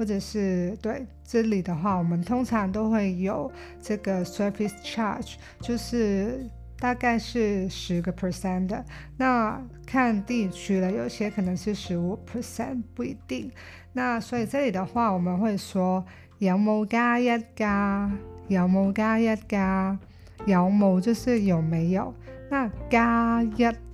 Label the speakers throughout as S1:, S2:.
S1: 或者是對這裏的話，我們通常都會有這個 service charge，就是大概是十個 percent 的，那看地區了，有些可能是十五 percent，不一定。那所以這裏的話，我們會說有冇加一㗎，有冇加一㗎，有冇就是有沒有，那加一。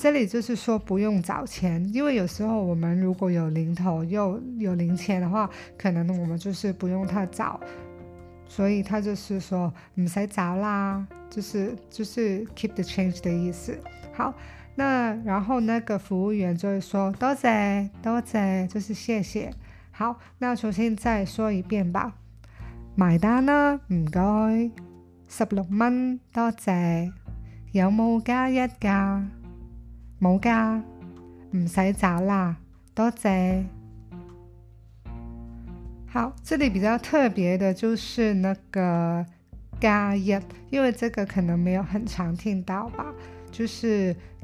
S1: 這裏就是說不用找錢，因為有時候我們如果有零頭又有零錢的話，可能我們就是不用他找，所以他就是說唔使找啦，就是就是 keep the change 的意思。好，那然後那個服務員就會說多謝多謝，就是謝謝。好，那重新再說一遍吧，埋單吖，唔該，十六蚊，多謝，有冇加一㗎？冇㗎，唔使找喇，多謝，謝。好，這裏比較特別的，就是那個「加一」，因為這個可能沒有很常聽到吧，就是。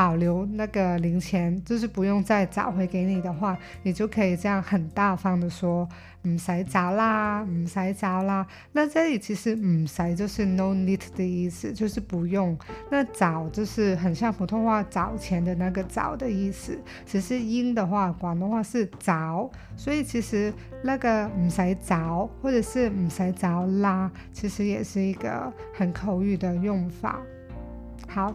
S1: 保留那個零錢，就是不用再找回給你的話，你就可以這樣很大方的說，唔使找啦，唔使找啦。那這裏其實唔使、嗯、就是 no need 的意思，就是不用。那找就是很像普通話找錢的那個找的意思。只是音的話，廣東話是找，所以其實那個唔使找，或者是唔使找啦，其實也是一個很口語的用法。好。